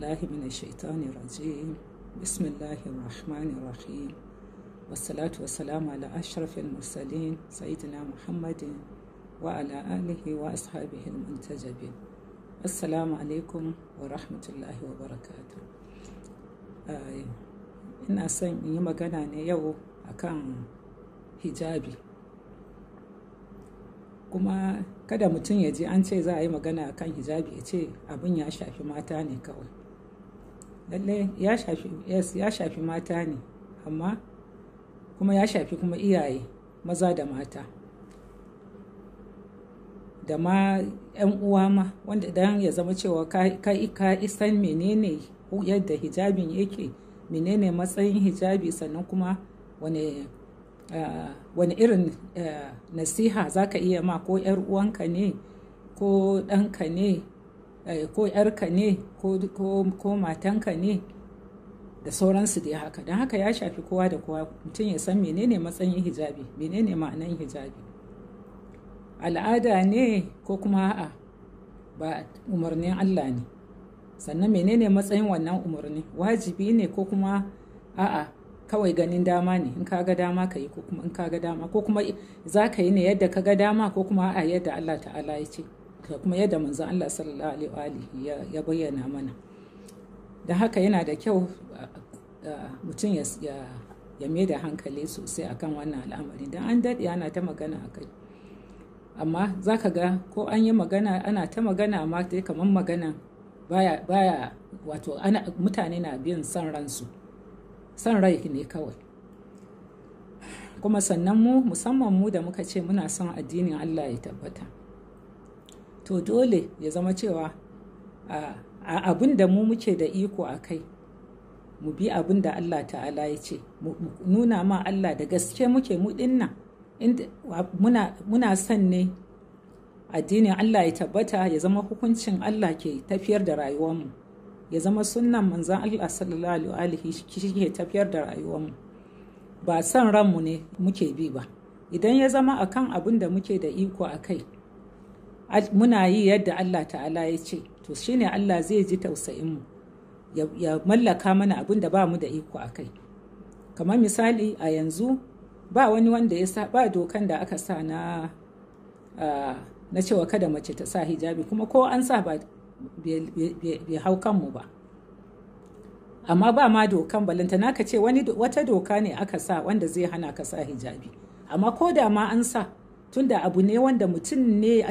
بالله من الشيطان الرجيم بسم الله الرحمن الرحيم والصلاة والسلام على أشرف المرسلين سيدنا محمد وعلى آله وأصحابه المنتجبين السلام عليكم ورحمة الله وبركاته آه. ina son in yi magana ne yau akan hijabi kuma kada mutum ya ji an ce za a yi magana akan hijabi ya ce abin ya shafi mata ne kawai lalle ya shafi yes ya shafi mata ne amma kuma ya shafi kuma iyaye maza da mata da ma 'yan uwa ma wanda dan ya zama cewa ka isan menene yadda hijabin yake menene matsayin hijabi sannan kuma wane eh, wani irin eh, nasiha za ka iya ma ko 'yar uwanka ne ko ɗanka ne Eh, ko yarka ne ko matanka ne da sauransu dai haka don haka ya shafi kowa da kowa mutum ya san menene matsayin hijabi menene ma'anan hijabi al'ada ne ko kuma a'a ba umarnin Allah ne sannan menene matsayin wannan umarni wajibi ne ko kuma a'a kawai ganin dama ne in ka ga dama ka yi ko kuma in ka ga dama ko kuma za ka yi ne yadda ka ga dama ko kuma a'a yadda Allah ta'ala ya ce kuma yadda manzon Allah sallallahu alaihi ya bayyana mana da haka yana da kyau mutum ya mai da hankali sosai akan wannan al'amari dan an daɗe ana ta magana akai amma za ga ko an yi magana ana ta magana amma dai kamar magana baya baya wato mutane na biyan son ransu san rai ne kawai kuma sannan mu musamman mu da muka ce muna son addinin Allah ya tabbata to dole ya zama cewa a abin da mu muke da iko a kai mu bi abin da Allah ta'ala ya ce nuna ma Allah da gaske muke mu muna, muna son ne addinin Allah ya tabbata ya zama hukuncin Allah ke tafiyar da rayuwarmu ya zama sunnan manzan Allah sallallahu alaihi shi ke tafiyar da rayuwarmu ba son ranmu ne muke bi ba idan ya zama akan abin da muke da iko a kai muna yi yadda Allah ta'ala ya ce to shine Allah zai ji tausayinmu ya mallaka mana abin da ba mu da iko a kai kamar misali a yanzu ba wani wanda ya sa ba dokan da aka sa na na cewa kada mace ta sa hijabi kuma ko an sa ba bai hau kanmu ba amma ba ma dokan balantana ka ce wani wata doka ne aka sa wanda zai hana ka sa hijabi amma ko da ma an sa tunda abu ne wanda mutum ne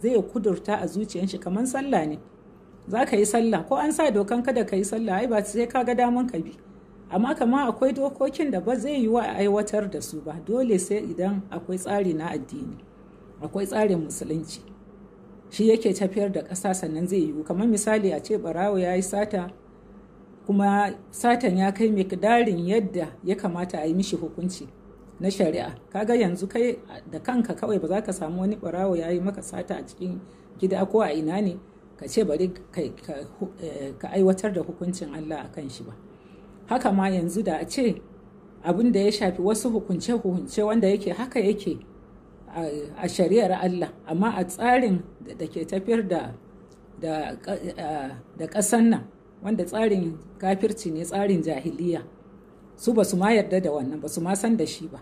zai kudurta a zuciyar shi kamar sallah ne za ka yi sallah ko an sa dokan kada ka yi sallah ai ba sai ka ga daman ka bi amma kamar akwai dokokin da ba zai yi wa aiwatar da su ba dole sai idan akwai tsari na addini akwai tsarin musulunci shi yake tafiyar da ƙasa sannan zai yiwu kamar misali a ce barawo ya yi sata kuma satan ya kai mai yadda ya kamata a yi mishi hukunci na shari'a kaga yanzu kai da kanka kawai ba za ka samu wani barawo ya yi maka sata a cikin gida ko a ina ne ka ce bari eh, ka aiwatar da hukuncin Allah a kan shi ba haka ma yanzu da a ce abin da ya shafi wasu hukunce-hukunce wanda yake haka yake a shari'ar Allah amma a tsarin da ke tafiyar da da eh, ƙasan nan wanda tsarin kafirci ne tsarin jahiliya su ba su ma yarda da wannan ba su ma san da shi ba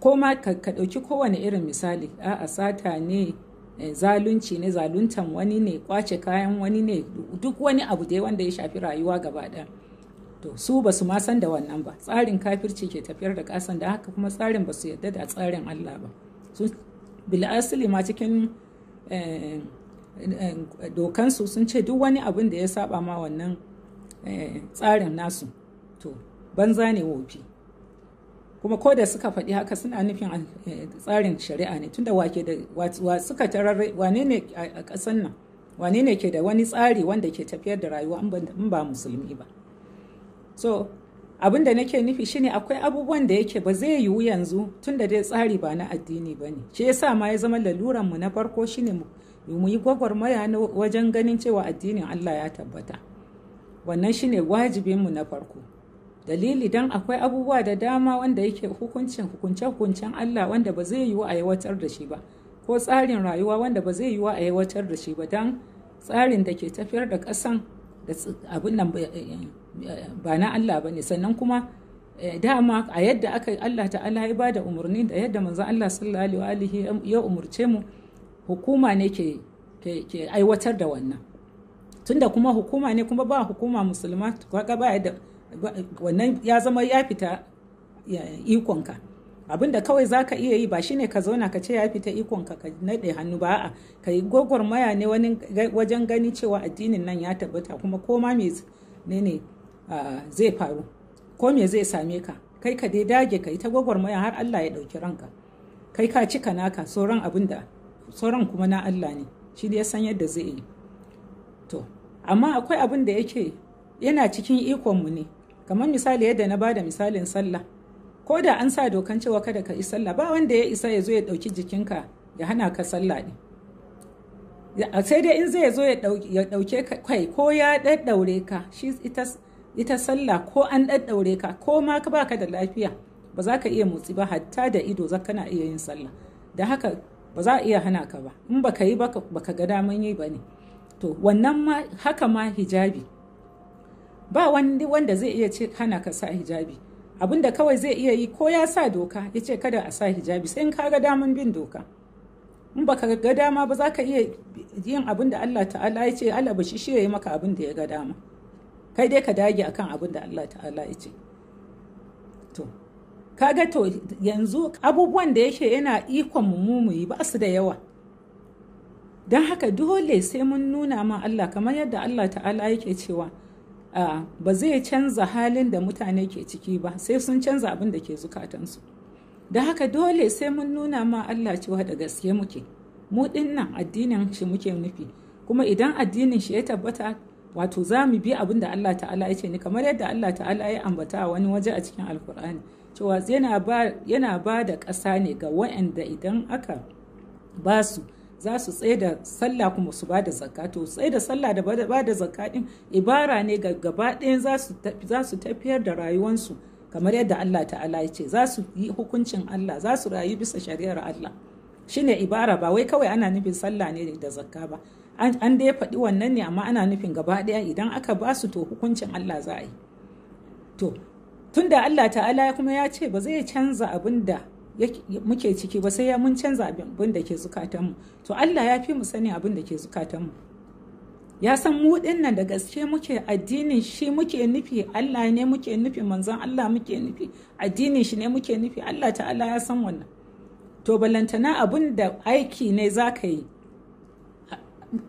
ko ma ka ɗauki kowane irin misali a sata ne eh, zalunci ne zaluntan wani ne kwace kayan wani ne duk wani abu dai wanda ya shafi rayuwa gaba ɗaya to su ba su ma san da wannan ba tsarin kafirci ke tafiyar da kasan da haka kuma tsarin ba su yarda da tsarin Allah ba su bil'asili ma cikin eh, eh, dokansu sun ce duk wani abin da ya saba ma wannan tsarin nasu to banza ne wofi kuma ko da suka faɗi haka suna nufin eh, tsarin shari'a ne tunda wake da suka tarar wane ne a ƙasan nan wane ne ke da wani tsari wanda ke tafiyar da rayuwa in ba musulmi ba so abin da nake nufi shine akwai abubuwan da yake ba zai yiwu yanzu tunda dai tsari ba na addini ba ne shi yasa ma ya zama laluran mu na farko shine mu yi gwagwarmaya wajen ganin cewa addinin Allah ya tabbata wannan shine wajibin mu na farko dalili don akwai abubuwa da dama wanda yake hukuncin hukunce-hukuncen Allah wanda ba zai yiwu a yawatar da shi ba ko tsarin rayuwa wanda ba zai yiwu a yawatar da shi ba don tsarin da ke tafiyar da kasan da abin nan eh, eh, ba na Allah ba ne sannan kuma eh, dama a yadda aka Allah ta'ala ya ba da umarni da yadda manzon Allah sallallahu alaihi ya umurce mu hukuma ne ke aiwatar da wannan tunda kuma hukuma ne kuma ba hukuma musulma kaga ba yadda wannan ya zama ya fita ikonka da kawai za ka iya yi ba shine ka zauna ka ce ya fita ikonka ka naɗe hannu ba a ka yi gwagwarmaya ne wajen gani cewa addinin nan ya tabbata kuma ma me ne ne zai faru ko me zai same ka kai ka dai dage ka yi ta gwagwarmaya har Allah ya ɗauki ranka kai ka cika naka sauran abin sauran kuma na Allah ne shi ne ya san yadda zai yi to amma akwai abin da yake yana cikin ikonmu ne kamar misali yadda na bada misalin sallah ko da an sa dokan cewa kada ka yi sallah ba wanda ya isa ya zo ya ɗauki jikinka ya hana ka sallah ne sai dai in zai zo ya ɗauke kai ko ya ɗaɗɗaure ka shi ita sallah ko an ɗaɗɗaure ka ko ma ka baka da lafiya ba za ka iya motsi ba hatta da ido za kana iya yin sallah da haka ba za a iya hana ka ba in baka yi baka ga daman yi ba ne to wannan ma haka ma hijabi ba wani wanda zai iya ce hana ka sa hijabi abinda kawai zai iya yi ko ya sa doka ya ce kada a sa hijabi sai in ka ga daman bin doka in baka ga dama ba za ka iya yin abin da Allah ta'ala ya ce Allah ba shi shi ya yi maka abin da ya ga dama kai dai ka dage akan abin da Allah ta'ala ya ce to kaga to yanzu abubuwan da yake yana ikon mu mu yi ba su da yawa don haka dole sai mun nuna ma Allah kamar yadda Allah ta'ala yake cewa ba zai canza halin da mutane ke ciki ba sai sun canza abin da ke zukatansu da haka dole sai mun nuna ma Allah cewa da gaske muke mu dinnan addinin shi muke nufi kuma idan addinin shi ya tabbata wato za mu bi abin da Allah ta'ala ya ce ni kamar yadda Allah ta'ala ya ambata wani waje a cikin alkur'ani cewa yana ba da ƙasa ne ga waɗanda idan aka basu. za su tsaye da sallah kuma su bada zakka to tsaye da sallah da bada zakka din ibara ne ga gaba ɗaya za su tafiyar da rayuwansu kamar yadda Allah ta'ala ya ce za su yi hukuncin Allah za su rayu bisa shari'ar Allah shine ibara ba wai kawai ana nufin sallah ne da zakka ba an dai faɗi wannan ne amma ana nufin gaba ɗaya idan aka ba su to hukuncin Allah za a yi to tunda Allah ta'ala kuma ya ce ba zai canza abin da muke ciki ba sai ya mun canza abin da ke zukatanmu to Allah ya fi mu sani abin da ke zukatanmu ya san mu nan da gaske muke addinin shi muke nufi Allah ne muke nufi manzon Allah muke nufi addinin shi ne muke nufi Allah ta'ala ya san wannan to balantana abin da aiki ne za ka yi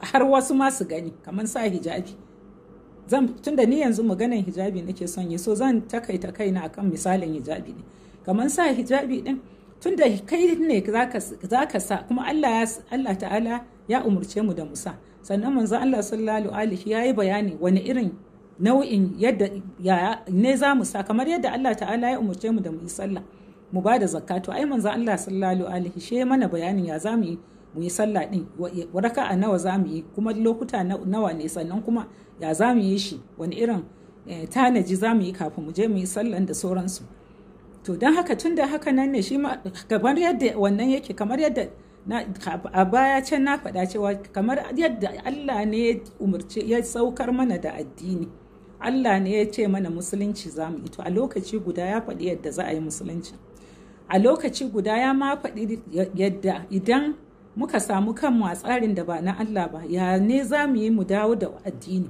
har wasu ma su gani kamar sa hijabi zan tunda ni yanzu maganar hijabi nake son yi so zan takaita kaina akan misalin hijabi ne kamar sa hijabi din tun da kai ne za ka sa kuma Allah ta'ala ya umarce mu da musa sannan manzo Allah sallallahu alaihi ya yi bayani wani irin nau'in yadda ne za mu sa kamar yadda Allah ta'ala ya umarce mu da mu yi sallah mu ba da zakka ai manzo Allah sallallahu alaihi she mana bayanin ya za mu yi mu yi sallah din waraka a nawa za mu yi kuma lokuta nawa ne sannan kuma ya za mu yi shi wani irin eh, tanaji za mu yi kafin mu je mu yi sallan da sauransu to don haka tun da haka nan ne shi ma kamar yadda wannan yake kamar yadda a baya can na faɗa cewa kamar yadda Allah ne ya umarci ya saukar mana da addini Allah ne ya ce mana musulunci za mu ito a lokaci guda ya faɗi yadda za a yi musulunci a lokaci guda ya ma faɗi yadda idan muka samu kanmu a tsarin da ba na Allah ba ya ne za mu yi mu dawo da addini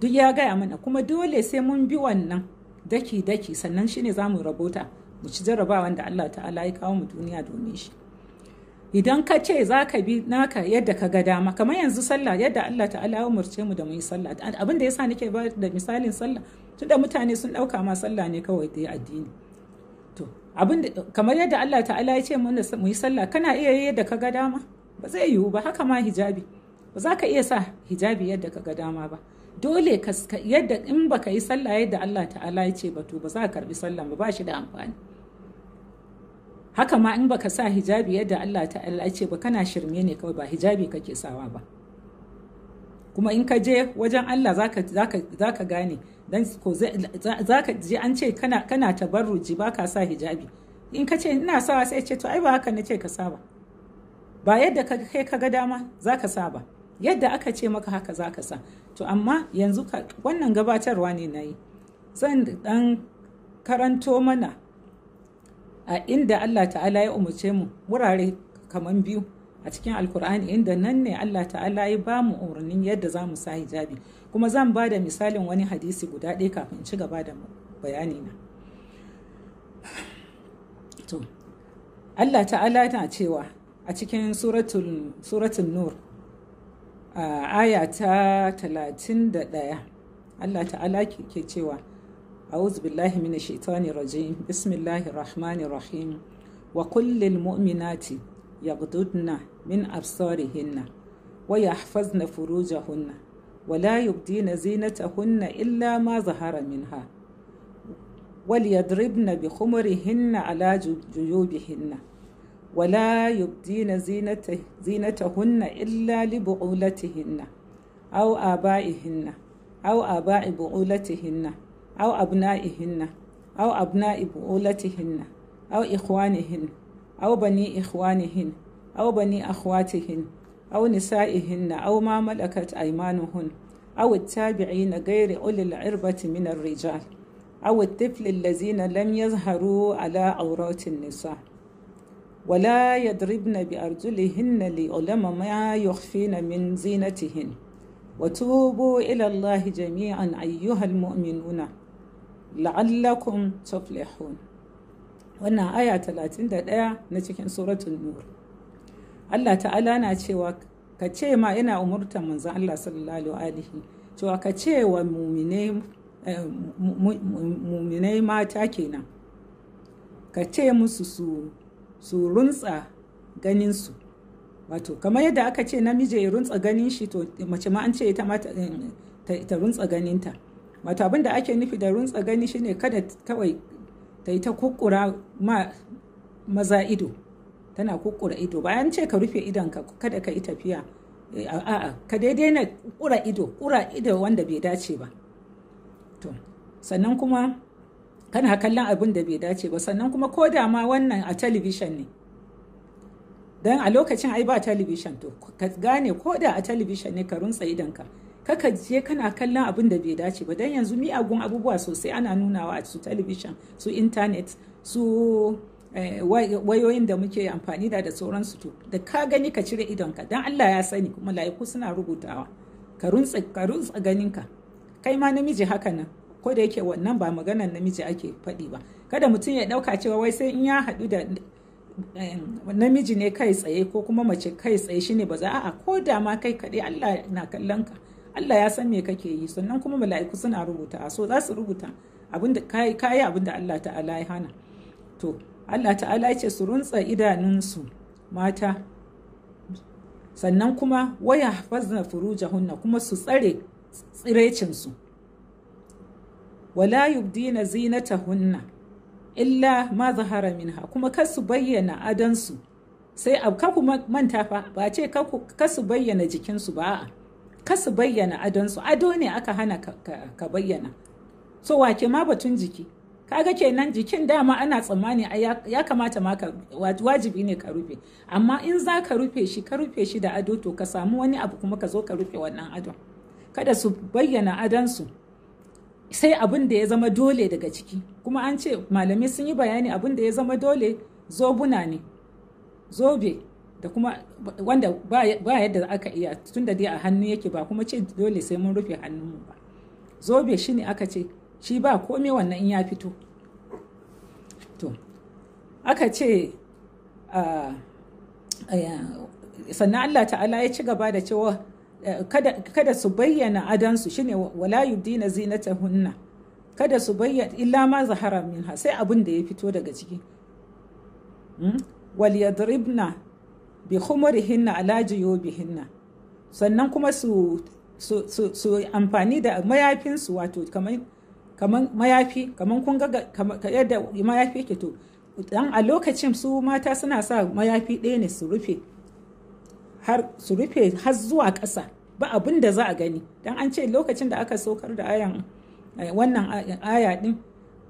duk ya gaya mana kuma dole sai mun bi wannan daki-daki sannan shine za mu rabota mu ci jarrabawa, da Allah ta'ala ya kawo mu duniya domin shi idan ka ce za ka bi naka yadda ka ga dama kamar yanzu sallah yadda Allah ta'ala ya umarce mu da mu yi sallah abin da yasa nake ba da misalin sallah tun da mutane sun dauka ma sallah ne kawai da addini to abin kamar yadda Allah ta'ala ya ce mu yi sallah kana iya yi yadda ka ga dama ba zai yiwu ba haka ma hijabi ba za ka iya sa hijabi yadda ka ga dama ba dole yadda in baka yi sallah yadda Allah ta'ala ya ce ba to ba za ka karbi sallah ba ba shi da amfani haka ma in baka sa hijabi yadda Allah ta'ala ya ce ba kana shirme ne kawai ba hijabi kake sawa ba kuma in ka je wajen Allah za ka gane dan ko za ka je an ce kana kana tabarruji ba ka sa hijabi in ka ce ina sawa sai ce to ai ba haka nace ka saba ba yadda ka kai ka ga dama za ka saba yadda aka ce maka haka za ka sa to amma yanzu wannan gabatarwa ne na yi zan dan karanto mana a inda allah ta'ala ya umarce mu wurare kamar biyu a cikin alkur'ani inda nan ne allah ta'ala ya ba mu umarnin yadda za mu sa hijabi kuma zan ba da misalin wani hadisi guda ɗaya kafin ci gaba da bayani na to allah ta'ala na cewa a cikin suratun nur aya ta 31 Allah ta'ala ke cewa أعوذ بالله من الشيطان الرجيم بسم الله الرحمن الرحيم وقل للمؤمنات يغضضن من أبصارهن ويحفظن فروجهن ولا يبدين زينتهن إلا ما ظهر منها وليضربن بخمرهن على جيوبهن ولا يبدين زينته زينتهن إلا لبعولتهن أو آبائهن أو آباء بعولتهن أو أبنائهن أو أبناء بعولتهن أو إخوانهن أو بني إخوانهن أو بني أخواتهن أو نسائهن أو ما ملكت أيمانهن أو التابعين غير أولي العربة من الرجال أو الطفل الذين لم يظهروا على عورات النساء wala yadribna bi arjulihinna li ulama ma yukhfina min zinatihin wa tubo ila jami'an ayyuhal mu'minuna la'allakum tuflihun wannan aya talatin da ɗaya na cikin suratun nur Allah ta'ala na cewa ka ce ma yana umurta manzon Allah sallallahu alaihi cewa ka ce wa eh, muminai mata kenan ka ce musu su su runtsa ganinsu wato kamar yadda aka ce namiji ya runtsa ganin shi to mace ma an ce ita ma eh, ta runtsa ganinta wato abin da ake nufi da runtsa gani shine kada kawai ta yi ta kukkura ma maza ido tana kukkura ido bayan ce ka rufe idonka kada ka yi tafiya a'a eh, ka daidai na kura ido kura ido wanda bai dace ba to sannan kuma kana kallon abin da bai dace ba sannan kuma ko da ma wannan a talabishin ne don a lokacin ai ba talabishin to ka gane ko da a talabishin ne ka runtsa idanka kaka je kana kallon abin da bai dace ba don yanzu miyagun abubuwa sosai ana nunawa a su talabishin su eh, intanet su wayoyin da muke amfani da da sauransu to da ka gani ka cire idonka don allah ya sani kuma layiku suna rubutawa ka runtsa ganinka kai ma namiji haka nan ko da yake wannan ba maganar namiji ake faɗi ba kada mutum ya ɗauka cewa wai sai in ya haɗu da namiji ne kai tsaye ko kuma mace kai tsaye shine ba za a ko da ma kai kaɗai Allah na kallon ka Allah ya san me kake yi sannan kuma mala'iku suna rubuta so za su rubuta abinda kayi abinda Allah ta'ala ya hana to Allah ta'ala ya ce su runtsa idanunsu mata sannan kuma waya fazna furujahunna kuma su tsare tsirecinsu. wala yubdina zinatahunna illa ma zahara minha kuma kar su bayyana adansu sai a kaku manta fa ba ce kar su bayyana jikinsu ba a kar su bayyana adonsu. ado ne aka hana ka, ka, ka bayyana so ma batun jiki kaga kenan jikin dama ana tsammani ya kamata ma wajibi ne ka rufe amma in za ka rufe shi ka rufe shi da ado to ka samu wani abu kuma ka zo ka rufe wannan adon kada su bayyana adansu sai abin da ya zama dole daga ciki kuma an ce malamai sun yi bayani abin da ya zama dole zobuna ne zobe da kuma wanda ba yadda aka iya tun da dai a hannu yake ba kuma ce dole sai mun rufe hannunmu ba zobe shi ne aka ce shi ba komai wannan in ya fito to aka ce ah, sannan allah ta'ala ya ci gaba da cewa kada su bayyana adansu shine wala yubdina zinatahunna kada su bayyana illa ma zahara minha sai abin da ya fito daga ciki hmm? wal yadribna bi khumurihinna ala juyubihinna sannan kuma su su amfani da mayafinsu wato kamar mayafi kaman kun ga yadda mayafi ke to dan a lokacin su mata suna sa mayafi ɗaya ne su rufe har su rufe har zuwa ƙasa ba abin da za a gani don an ce lokacin da aka saukar da ayan eh, wannan aya din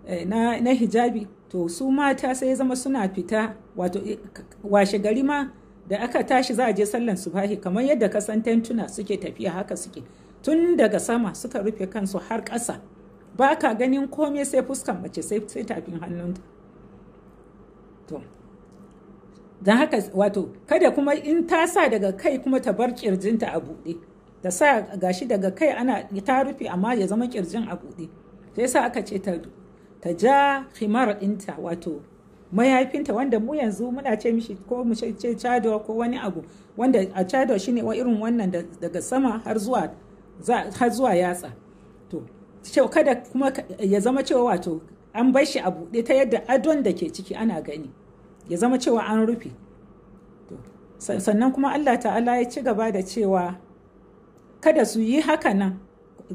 eh, na, hijabi to su mata sai zama suna fita wato eh, washe gari ma da aka tashi za a je sallan subahi kamar yadda kasantan tentuna suke tafiya haka suke tun daga sama suka rufe kansu har ƙasa ba ka ganin komai sai fuskan mace sai tafin hannunta don haka wato kada kuma in ta sa daga kai kuma ta bar kirjinta a buɗe ta sa gashi daga kai ana ta rufe amma ya zama kirjin a buɗe ta yasa aka ce ta ja himar ɗinta wato mayafinta wanda mu yanzu muna ce mishi ko mu ce ko wani abu wanda a shine wa irin wannan daga sama har zuwa har zuwa yatsa to kada kuma ya zama cewa wato an bar shi a buɗe ta yadda adon da ke ciki ana gani ya zama cewa an rufe sannan kuma allah ta'ala ya ci gaba da cewa kada su yi haka nan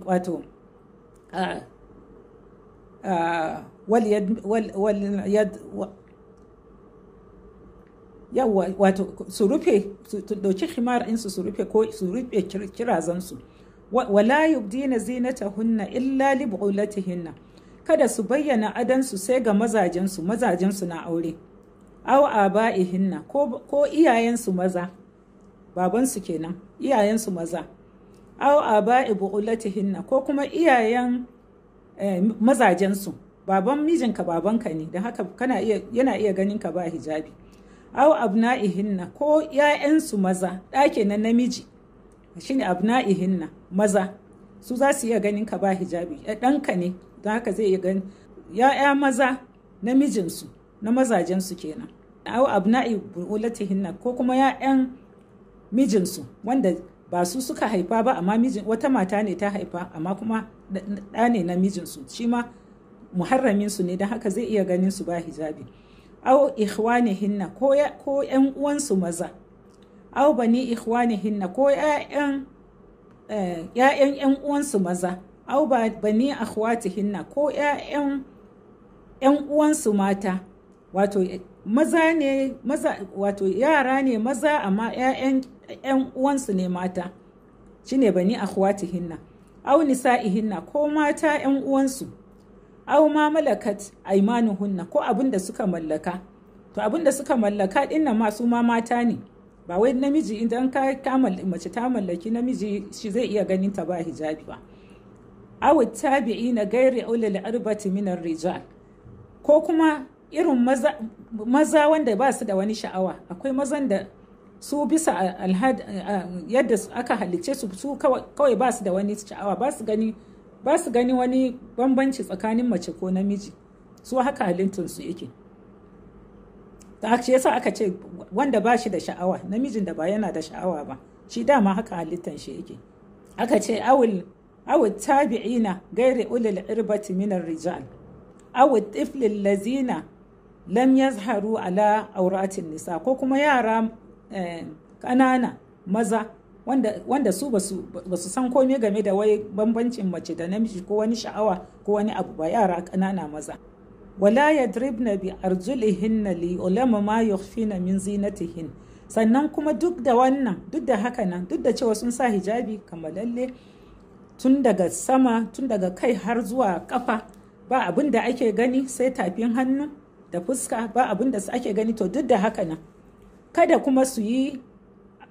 wato wato su rufe su ɗauki himar insu su rufe ko su rufe kirazansu wala yubdina hunna illa li bu'ulatihinna kada su bayyana adansu sai ga mazajensu mazajensu na aure aw aba'ihinna ko ko iyayensu maza babansu kenan iyayensu maza aw aba'i bu'ulatihinna ko kuma iyayen eh, mazajensu baban mijinka babanka ne don haka kana iya yana iya ganin ka ba hijabi aw abna'ihinna ko iyayensu maza dake na namiji shine abna'ihinna maza su za su iya ganin ka ba hijabi eh, ɗanka ne don haka zai iya gani ya'ya maza namijinsu na mazajensu kenan aw abna'i hinna ko kuma ya'yan mijinsu wanda ba su suka haifa ba amma mijin wata mata ne ta haifa amma kuma ɗa ne na mijinsu shi ma muharramin su ne don haka zai iya ganin su ba hijabi aw ikhwanihinna ko ko ƴan uwansu maza aw bani ikhwanihinna ko ya'yan eh, yan uwansu maza aw bani akhwatihinna ko ya'yan ƴan uwansu mata wato maza ne maza wato yara ne maza amma 'yan uwansu ne mata ne bani au nisa ihinna ko mata 'yan uwansu au ma malakat hunna ko abin da suka mallaka to abin da suka mallaka din masu ma mata ne ba wai namiji idan ka mace ta mallaki namiji shi zai iya ganin ta ba hijabi ba tabi'i tabi'ina gairi ulul arbati minar rijal ko kuma irin maza wanda ba su da wani sha'awa akwai mazan da su bisa yadda aka halicce su kawai ba su da wani sha'awa ba su gani ba wani bambanci tsakanin mace ko namiji su haka halittun su yake ta ce yasa aka ce wanda ba shi da sha'awa namijin da ba yana da sha'awa ba shi dama haka halittan shi yake aka ce awul awul tabi'ina gairi ulil irbati minar rijal awul tiflil lazina lam yazharu ala auratin nisa ko kuma yara eh, ƙanana maza wanda su basu san komai game da wai bambancin mace da namiji ko wani sha'awa ko wani abu ba yara ƙanana maza wala yadribna bi arjulihinna li ulama ma yukhfina min zinatihin sannan kuma duk da wannan duk da haka nan duk da cewa sun sa hijabi kamalalle tun daga sama tun daga kai har zuwa kafa ba abin da ake gani sai tafin hannu da fuska ba abin da ake gani to duk da haka nan kada kuma su yi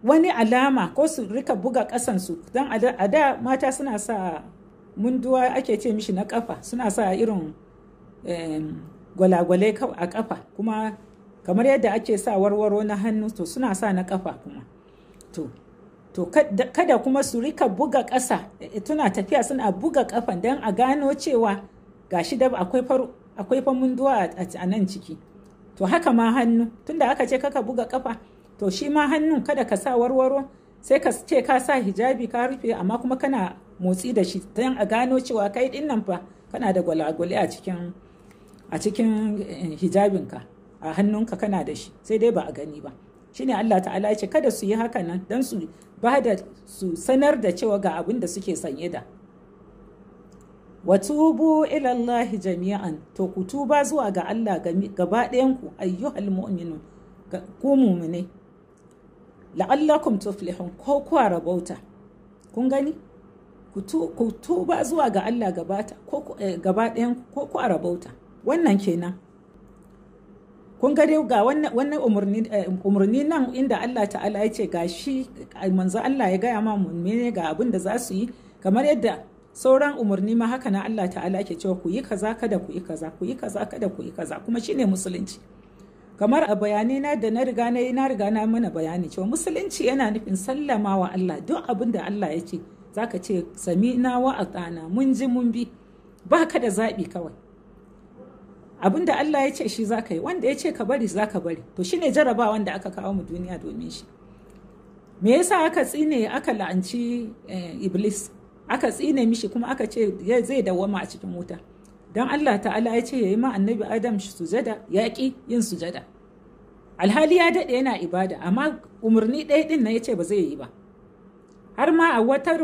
wani alama ko su rika buga kasansu don a da mata suna sa munduwa ake ce mishi na kafa suna sa irin gwalagwale a kafa kuma kamar yadda ake sa warwaro na hannu to suna sa na kafa kuma to to kada kuma su rika buga ƙasa e, e, tuna tafiya suna buga kafan don a gano cewa gashi da akwai akwai fa a nan ciki to haka ma hannu tunda aka ce kaka buga kafa to shi ma hannun kada ka sa warwaro sai ka ce ka sa hijabi ka rufe amma kuma kana motsi da shi don a gano cewa kai din nan fa kana da gwalagwale a cikin a cikin eh, hijabinka a hannunka kana da shi sai dai ba a gani ba shine Allah ta'ala ya ce kada su yi haka nan don su ba da su sanar da cewa ga abin da suke sanye da wa tubu ila Allah jami'an to ku tuba zuwa ga Allah gaba ɗayan ku ayyuhal mu'minun ku mu'minai la'allakum tuflihun ko ku rabauta kun gani ku tuba zuwa ga Allah gaba ɗayan ko ku eh, rabauta wannan kenan kun ga dai ga wannan eh, umarni nan inda Allah ta'ala ya ce ga shi manzo Allah ya gaya ma mummune ga abin da za su yi kamar yadda sauran umarni ma haka na Allah ta'ala ke cewa ku yi kaza kada ku yi kaza ku yi kaza kada ku yi kaza kuma shine musulunci kamar a bayanai na da na riga na na riga na mana bayani cewa musulunci yana nufin sallama wa Allah duk abin da Allah ya ce zaka ce sami na wa atana mun ji mun bi ba ka da zabi kawai abin da Allah ya ce shi zaka yi wanda ya ce ka bari zaka bari to shine jaraba wanda aka kawo mu duniya domin shi me yasa aka tsine aka la'anci eh, iblis aka tsine mishi kuma aka ce zai dawwama a cikin wuta don Allah ta'ala ya ce ya yi ma annabi adam sujada ya ƙi yin sujada alhali ya daɗe yana ibada amma umarni ɗaya ɗin na ya ce ba zai yi ba har ma a wata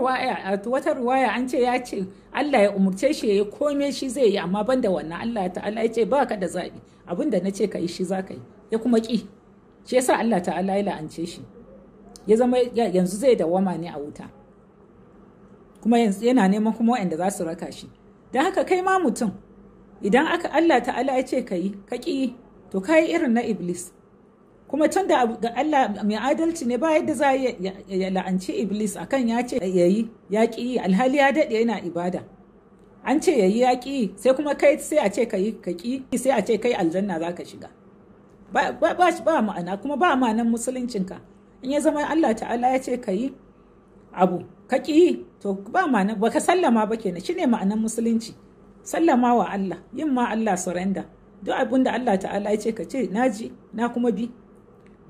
ruwaya an ce ya ce Allah ya umarce shi ya yi kome shi zai yi amma banda wannan Allah ta'ala ya ce ba ka da zaɓi abin da na ce ka yi shi za ka yi ya kuma ƙi shi yasa Allah ta'ala ya la'ance shi ya zama yanzu zai wama ne a wuta kuma yana neman kuma waɗanda za su raka shi don haka kai ma mutum idan aka Allah ta'ala ya ce ka yi ka ƙi to ka yi irin na iblis kuma can da Allah mai adalci ne ba yadda za ya la'anci iblis akan ya ce ya yi ya ƙi alhali ya daɗe yana ibada an ce ya yi ya ƙi sai kuma kai sai a ce ka yi ka ƙi sai a ce kai aljanna za ka shiga ba ma'ana kuma ba ma'anan musuluncinka in ya zama Allah ta'ala ya ce ka yi abu kaki to ba ma'ana ba ka sallama ba kenan ne ma'anar musulunci sallama wa Allah yin ma Allah surrenda duk abin da Allah ta'ala ya ce ka ce na ji na kuma bi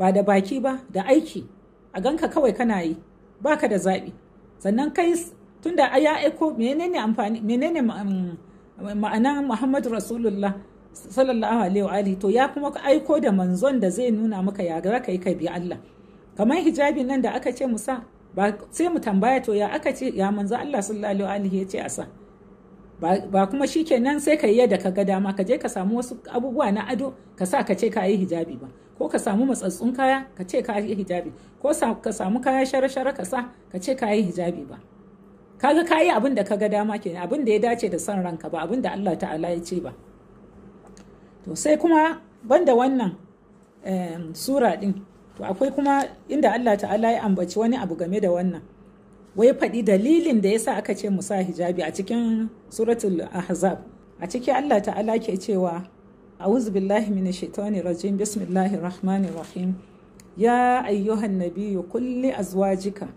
ba da baki ba da aiki a ganka kawai kana yi baka da zaɓi sannan kai tunda ya aiko menene amfani menene um, ma'anar Muhammadu Rasulullah sallallahu alaihi wa alihi to ya kuma aiko da manzon da zai nuna maka ya ga ka yi ka bi Allah kamar hijabin nan da aka ce musa ba sai mu tambaya to ya aka ce ya manzo Allah sallallahu alaihi ya ce a sa ba kuma shikenan sai ka yi yadda ka ga dama ka je ka samu wasu abubuwa na ado ka sa ka ce ka yi hijabi ba ko ka samu matsatsun kaya ka ce ka yi hijabi ko ka samu kaya shara-shara ka sa ka ce ka yi hijabi ba kaga ka yi abin da ka ga dama kenan abin da ya dace da son ranka ba abin da Allah ta'ala ya ce ba to sai kuma banda wannan eh, sura din to akwai kuma inda Allah ta'ala ya ambaci wani abu game da wannan wai faɗi dalilin da yasa aka ce musa hijabi a cikin suratul ahzab a ciki Allah ta'ala ke cewa a'udhu billahi minash shaitani rajim bismillahir rahmanir rahim ya ayyuhan nabiyyu kulli azwajika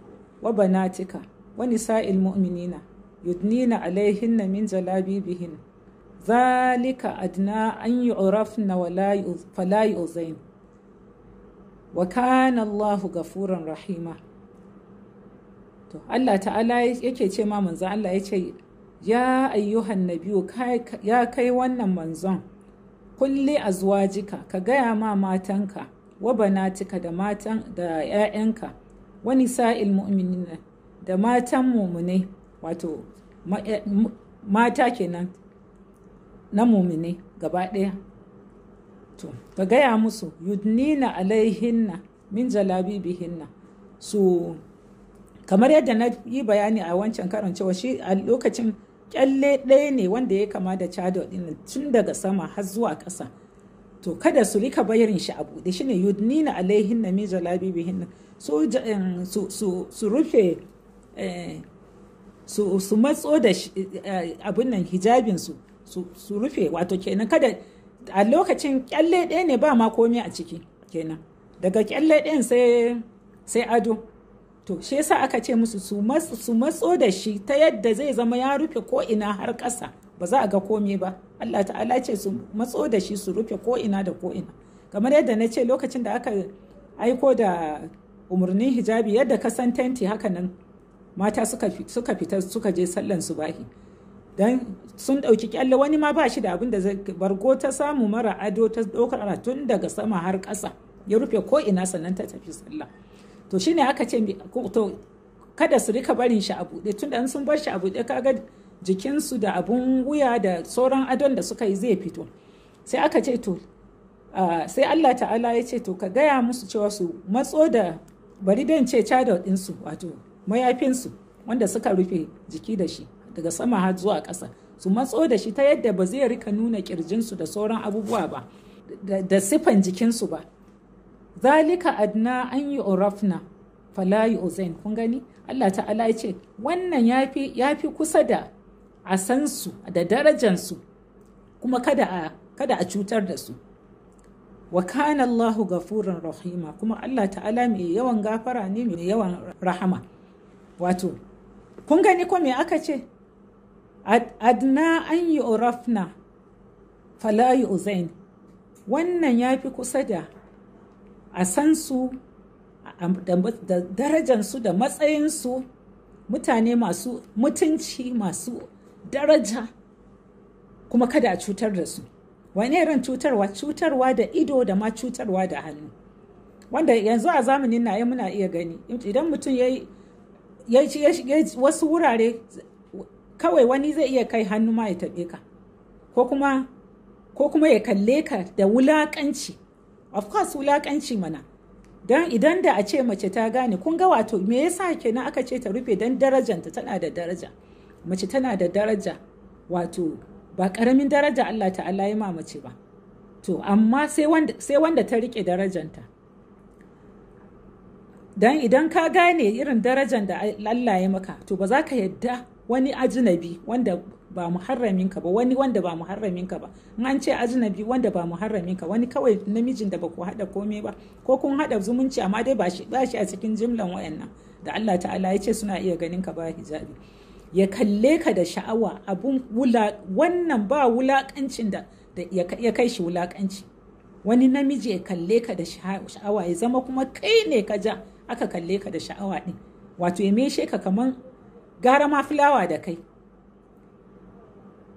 wa banatika wa nisa'il mu'minina yudnina alaihinna min jalabibihin zalika adna an yu'rafna wa la fala wa kana Allahu gafuran rahima to Allah ta'ala yake ce ma manzon Allah ya ce ya ayyuhan nabiyu ya kai wannan manzon kulli azwajika ka gaya ma matanka wa banatika da matan da 'ya'yanka wani sa'il mu'minina da matan mumune wato eh, mata kenan na mumune gaba ɗaya to ka gaya musu yudnina alaihinna min jalabibihinna su kamar yadda na yi bayani a wancan karon cewa shi a lokacin kyalle ɗaya ne wanda ya kama da cado ɗin tun daga sama har zuwa ƙasa to kada su rika bayarin shi a buɗe shine yudnina alaihinna min jalabibihinna su su rufe eh, su matso da eh, abin nan hijabinsu su rufe wato kenan kada a lokacin kyalle ɗaya ne ba ma komi a ciki kenan daga kyalle ɗayan sai ado to shi yasa aka ce musu su matso da shi ta yadda zai zama ya rufe ko ina har ƙasa ba za a ga komai ba Allah ta'ala ce su matso da shi su rufe ko ina da ko ina kamar yadda na ce lokacin da aka aiko da umarnin hijabi yadda ka san tenti haka nan mata suka fita suka je sallan bahi dan sun ɗauki kyalle wani ma ba shi da abin da zai bargo ta samu mara ado ta ana tun daga sama har kasa ya rufe ko ina sannan ta tafi sallah to shine aka ce to kada su rika barin shi a bude tun da sun bar shi a bude kaga jikinsu da abun wuya da sauran adon da suka yi zai fito sai aka ce to sai Allah ta'ala ya ce to ka gaya musu cewa su matso da bari dan ce chadot su wato mayafinsu wanda suka rufe jiki da shi daga sama har zuwa ƙasa su matso da shi ta yadda ba zai rika nuna kirjinsu da sauran abubuwa ba da siffan jikinsu ba zalika adna an yi orafna falayi ozain kun gani allah ta'ala ya ce wannan ya fi kusa da a san su da darajansu kuma kada a cutar da su wa kana Allahu gafuran rahima kuma Allah ta'ala mai yawan gafara ne mai yawan rahama wato kun gani ko me aka ce adna an yi urafna falayi uzain wannan ya fi kusa da a san su da darajansu da matsayinsu mutane masu mutunci masu daraja kuma kada a cutar da su wani irin cutarwa cutarwa da ido da ma cutarwa da hannu wanda yanzu a zamanin na muna iya gani idan mutum ya wasu wurare kawai wani zai iya kai hannu ma ya taɓe ka ko kuma ya kalle ka da wulaƙanci of course wulaƙanci mana don idan da a ce mace ta gane kun ga wato me yasa kenan aka ce ta rufe don darajanta tana da daraja mace tana da daraja wato ba ƙaramin daraja Allah ta'ala ya ma mace ba to amma sai wanda, sai wanda ta rike darajanta don idan ka gane irin darajan da Allah ya maka to ba za ka yadda wani ajinabi wanda ba muharramin ka ba wani wanda ba muharramin ka ba in an ce ajinabi wanda ba muharramin ka wani kawai namijin da ba ku hada komai ba ko kun hada zumunci amma dai ba shi a cikin jimlan wayannan da Allah ta'ala ya ce suna iya ganin ka ba hijabi ya kalle ka da sha'awa abun wula wannan ba wulakancin da ya kai shi wulakanci wani namiji ya kalle ka da sha'awa ya zama kuma kai ne ka ja aka kalle ka da sha'awa din wato ya meshe ka kaman gara ma fulawa da kai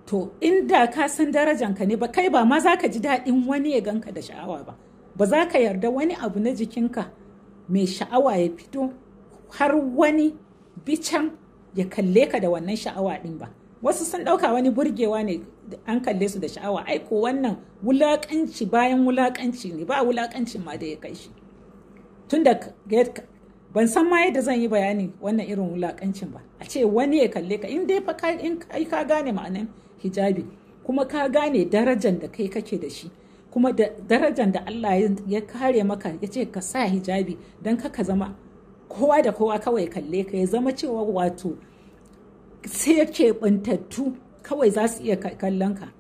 to inda ka san darajanka ne ba kai ba ma za ka ji daɗin wani ya ganka da sha'awa ba ba za ka yarda wani abu na jikinka mai sha'awa ya fito har wani bican ya kalle ka da wannan sha'awa ɗin ba wasu sun ɗauka wani burgewa ne an kalle su da sha'awa aiko wannan wulaƙanci bayan wulaƙanci ne ba wulaƙancin ma da ya kai shi tun da ban san ma yadda zan yi bayani wannan irin wulakancin ba a ce wani ya kalle ka in dai fa ka gane ma'anan hijabi kuma ka gane darajar da kai kake da shi kuma da darajar da Allah ya kare maka ya ce ka sa hijabi don kaka zama kowa da kowa kawai kalle ka ya zama cewa wato sai ke bantattu kawai za su iya kallon ka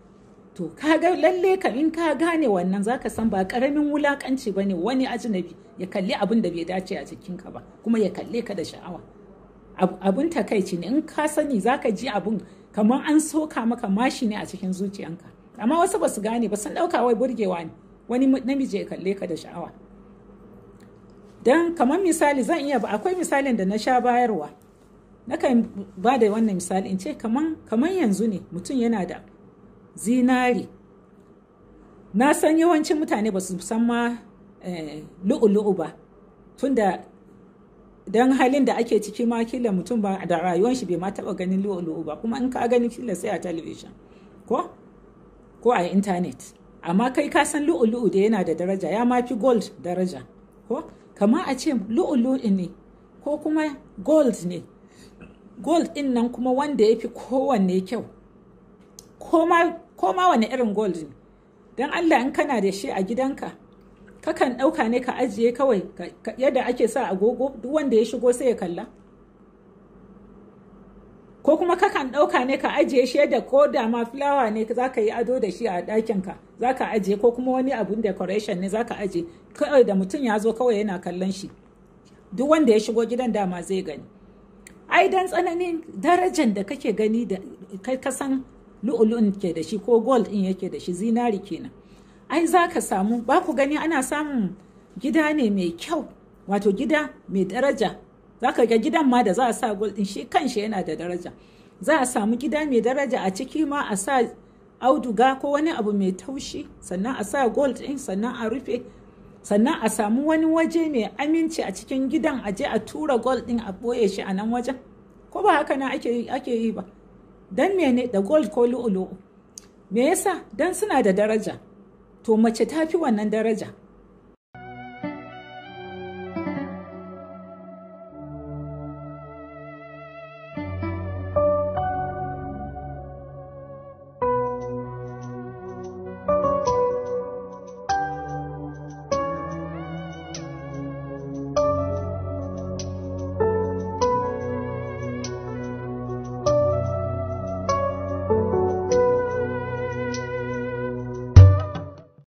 to kaga lalle ka in ka gane wannan zaka san ba karamin wulakanci bane wani ajnabi ya kalli abin da bai dace a ka ba kuma ya kalle ka da sha'awa abun takaici ne in ka sani zaka ji abun kamar an soka maka mashi ne a cikin zuciyanka amma wasu ba su gane ba sun dauka wai burgewa ne wani namiji ya kalle ka da sha'awa Dan kamar misali zan iya ba akwai misalin da na sha bayarwa nakan ba da wannan misali in ce kamar yanzu ne mutum yana da zinari na san yawancin mutane ba su san ma eh, lu'ulu'u ba tunda don halin da ake ciki ma kila mutum ba da rayuwar shi bai ma taba ganin lu'ulu'u ba kuma in ka gani kila sai a talabijin ko ko a intanet amma kai ka san lu'ulu'u da yana da daraja ya ma fi gold daraja ko kama a ce lu'ulu'u ne ko kuma gold ne gold din nan kuma wanda ya fi kowanne kyau ko ma wani irin gold ne don allah in kana da shi a gidanka kakan ɗauka ne ka ajiye kawai yadda ake sa agogo duk wanda ya shigo sai ya kalla ko kuma kakan ɗauka ne ka ajiye shi yadda ko da ma fulawa ne za ka yi ado da shi a ɗakinka za ka ajiye ko kuma wani abun decoration ne za ka ajiye kawai da mutum ya zo kawai yana kallon shi duk wanda ya shigo gidan dama zai gani ai dan tsananin darajar da kake gani da kai san lu'ulun ke da shi ko gold in yake da shi zinari kenan ai za ka samu ba ku gani ana samun gida ne mai kyau wato gida mai daraja za ka ga gidan ma da za a sa gold din shi kanshi yana da daraja za a samu gida mai daraja a ciki ma a sa auduga ko wani abu mai taushi sannan a sa gold din sannan a rufe sannan a samu wani waje mai aminci a cikin gidan a je a tura gold din a boye shi a nan wajen ko ba haka na ake yi ba don mene da gold ko lu'ulu'u me yasa don suna da daraja to mace ta fi wannan daraja